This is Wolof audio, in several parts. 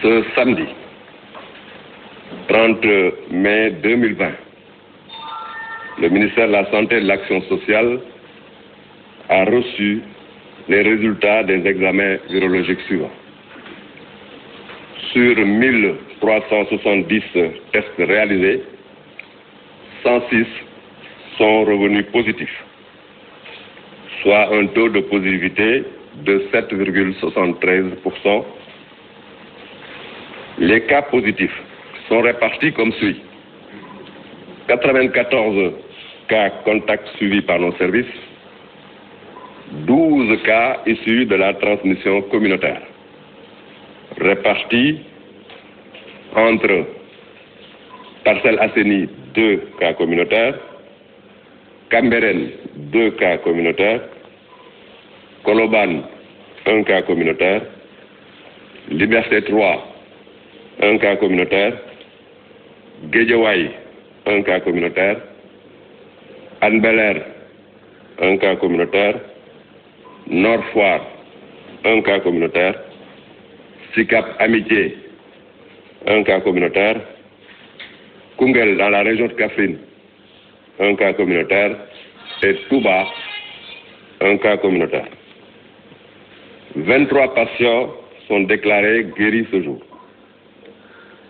ce samedi 30 mai le ministère la Santé et de l'Action sociale des examens virologiques suivants. Sur 1370 tests réalisés, 106 sont revenus positifs, soit un Les cas positifs sont répartis comme suit. cas contacts suivis par nos services, cas issus de la transmission communautaire, répartis entre Parcelles Assainies, 2 cas communautaires, Cambérène, cas communautaires, Colobane, cas communautaire, Liberté 3, un cas communautaire Guédiawaye un cas communautaire Hann Bel-Air un cas communautaire Nord Foire un cas communautaire dans la région de Kaffrine un cas communautaire et Touba un cas communautaire 23 patients sont déclarés guéris ce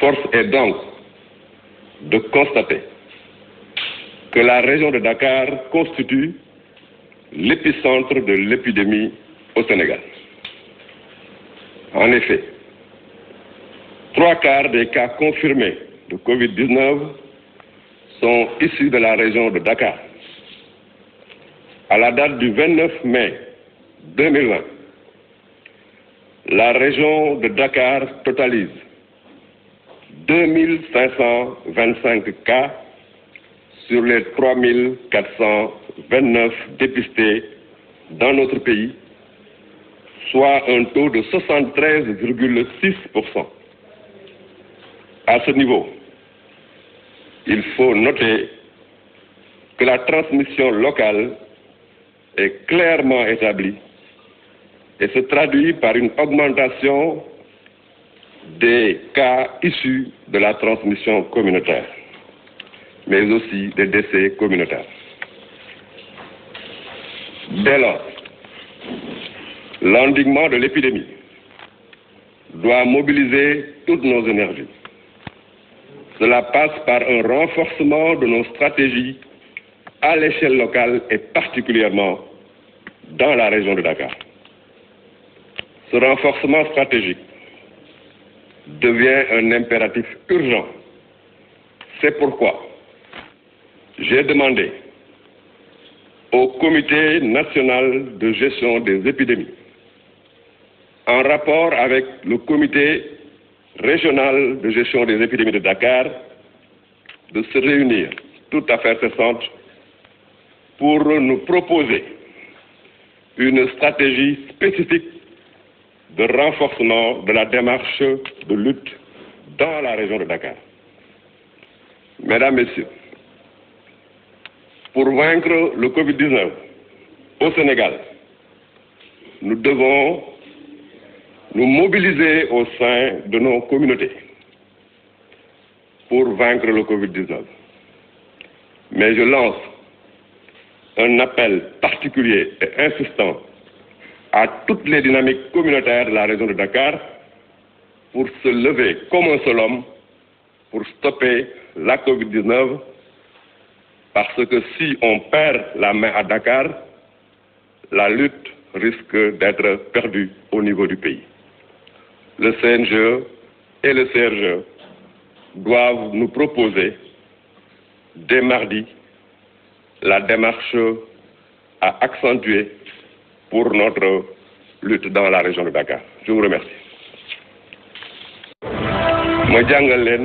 Force est donc de constater que de Dakar constitue l'épicentre de l'épidémie au Sénégal. En de Covid-19 sont issus de la région de Dakar. À la région de Dakar totalise 2525 cas sur les 3429 dépistés dans notre pays, soit un taux de 73,6%. À ce niveau, il faut noter que la transmission locale est clairement établie et se traduit par des cas issus de la transmission communautaire, mais aussi des décès communautaires. Dès lors, l'endiguement de l'épidémie doit mobiliser toutes nos énergies. Cela passe par un renforcement de nos stratégies à l'échelle locale et particulièrement dans la région de Dakar. Ce renforcement stratégique devient un impératif urgent. C'est pourquoi j'ai demandé au Comité national de gestion des épidémies, en rapport avec le Comité régional de gestion des épidémies de Dakar, de se réunir, toute affaire cessante, pour nous proposer une stratégie spécifique de renforcement de la démarche de lutte dans la région de Dakar. Mesdames, Messieurs, pour vaincre le Covid-19 au Sénégal, nous devons nous mobiliser au sein de nos communautés pour vaincre le Covid-19. Mais je lance un appel particulier et insistant à toutes les dynamiques communautaires de la région de Dakar pour se lever comme un seul homme pour stopper la covid parce que si on perd la main à Dakar, la lutte risque d'être perdue au niveau du pays. Le CNGE et le CRGE doivent nous proposer dès mardi la démarche à accentuer pour notre lutte dans la région de Dakar je vous remercie. ma jàngal leen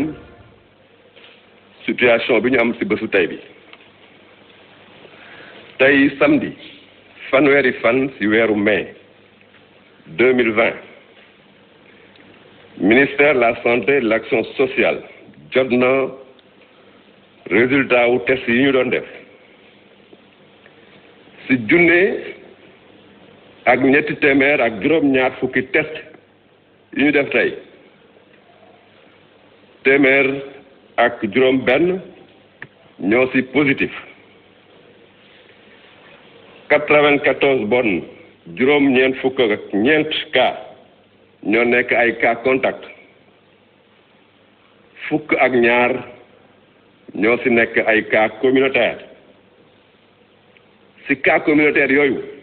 situation bi ñu am ci bésu tey bi tey samedi fan ci weeru mai deux mille vingt ministère la santé et de l'action sociale jot na résultat wu test yi ñu doon def ci junne. ak ñetti téeméer ak juróom-ñaar fukki test yu ñu def tey téeméer ak juróom-benn ñoo ci positif quatre-vingt-quatorze bonnes juróom-ñeent fukk ak ñeent cas ñoo nekk ay cas contact fukk ak ñaar ñoo ci nekk ay cas communautaire ci cas communautaire yooyu.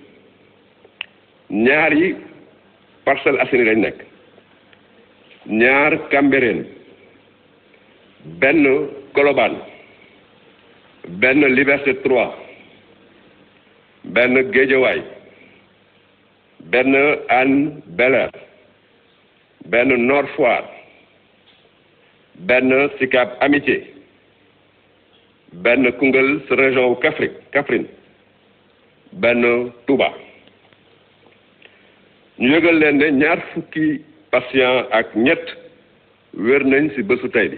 ñaar yi Parcelles Assainies lañ nekk ñaar Cambérène benn Colobane benn Liberté 3 benn Guédiawaye benn Hann bel benn Nord Foire benn Sicap Amitié benn Koungheul région Kaffrine Kaffrine benn Touba ñu yëgal leen ne ñaar fukki patient ak ñett wér nañ ci bésu tey bi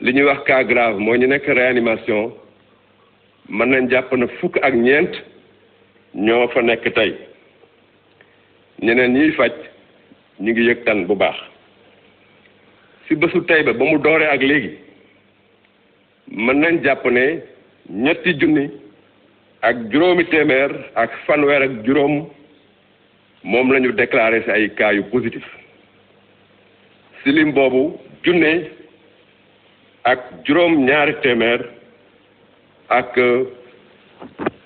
li ñuy wax cas grave moo ñu nekk réanimation mën nañ jàpp na fukk ak ñeent ñoo fa nekk tey ñeneen ñiy faj ñu ngi yëg tan bu baax ci bésu tey ba ba mu dooree ak léegi mën nañ jàpp ne ñetti junni ak juróomi téeméer ak fanweer ak juróom moom lañu ñu si ay kaayu yu positif si lim boobu junne ak juróom ñaari téeméer ak euh,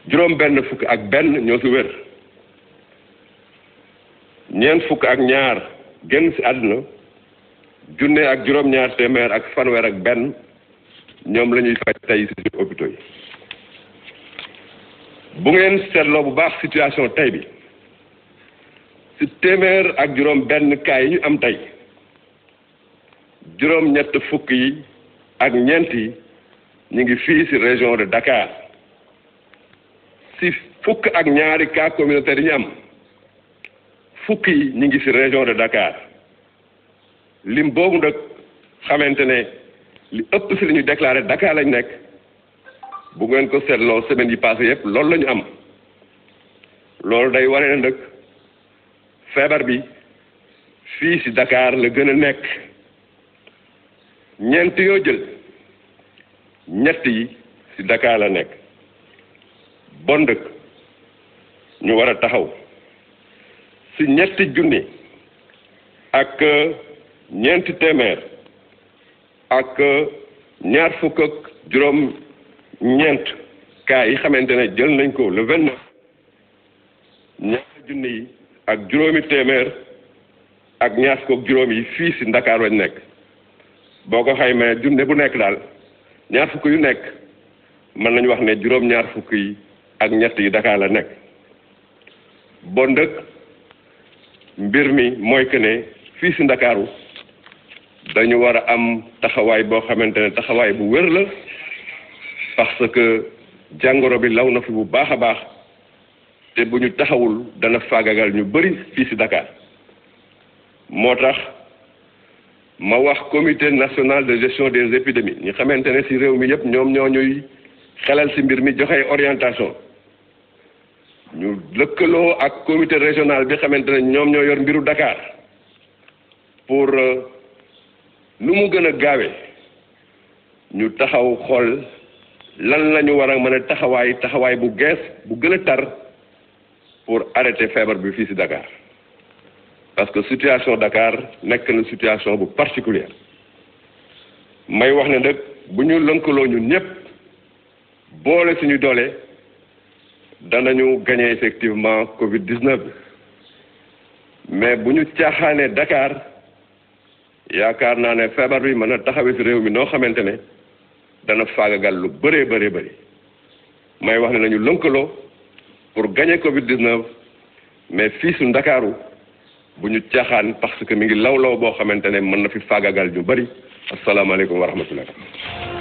juróom benn fukk ak benn ñoo si wér ñeent fukk ak ñaar génn ci àdduna junne ak juróom ñaar téeméer ak fanweer ak benn ñoom la ñuy faj tey si hôpitaux bu ngeen seetloo bu baax situation tey bi téeméer ak juróom benn cas yi ñu am tey juróom ñett fukk yi ak ñeenti ñu ngi fii ci région de Dakar ci fukk ak ñaari cas communautaire yi ñu am fukk yi ñu ngi ci région de Dakar lim boobu nag xamante ne li ëpp si li ñu déclaré Dakar lañ nekk bu ngeen ko seetloo semaine yi passé yëpp loolu lañu am loolu day waree ne nag feebar bi fii ci dakaar la gën a nekk ñeent yoo jël ñett yi ci Dakar la nekk bon dëkk ñu war a taxaw ci ñetti junni ak ñeent téeméer ak ñaar fukk ak juróom ñeent kaa yi xamante ne jël nañ ko le vingt neuf junni yi ak juróomi téeméer ak ñaar fukk juróom yi fii si Ndakaar lañ nekk boo ko xaymee junne bu nekk daal ñaar fukk yu nekk mën nañu wax ne juróom ñaar fukk yi ak ñett yi Dakar la nekk bon dëkk mbir mi mooy que ne fii si Ndakaaru dañu war a am taxawaay boo xamante ne taxawaay bu wér la parce que jàngoro bi law na fi bu baax a baax te bu ñu taxawul dana faagagal ñu bari fii ci Dakar moo tax ma wax comité national de gestion des épidémies ñu xamante ne ci réew mi yëpp ñoom ñoo ñuy xelal ci mbir mi joxe orientation ñu lëkkaloo ak comité régional bi xamante ne ñoom ñoo yor mbiru Dakar pour euh, nu mu gën a gaawee ñu taxaw xool lan lañu ñu war a mën a taxawaay taxawaay bu gees bu gën a tar. pour arrêter feebar bi fii ci Dakar parce que situation Dakar nekk na situation bu particulière may wax ne nag bu ñu lënkaloo ñun ñëpp boole suñu doole danañu gagner effectivement Covid 19 bi mais bu ñu caaxaanee Dakar yaakaar naa ne feebar bi mën a taxawee ci réew mi noo xamante ne dana faagagal lu bëree bëree bëri may wax ne nañu lënkaloo. pour gagner Covid 19 mais fii su ndakaaru bu ñu caaxaan parce que mi ngi law law boo xamante ne mën na fi faagagal ñu bëri asalaamaaleykum wa rahmatullah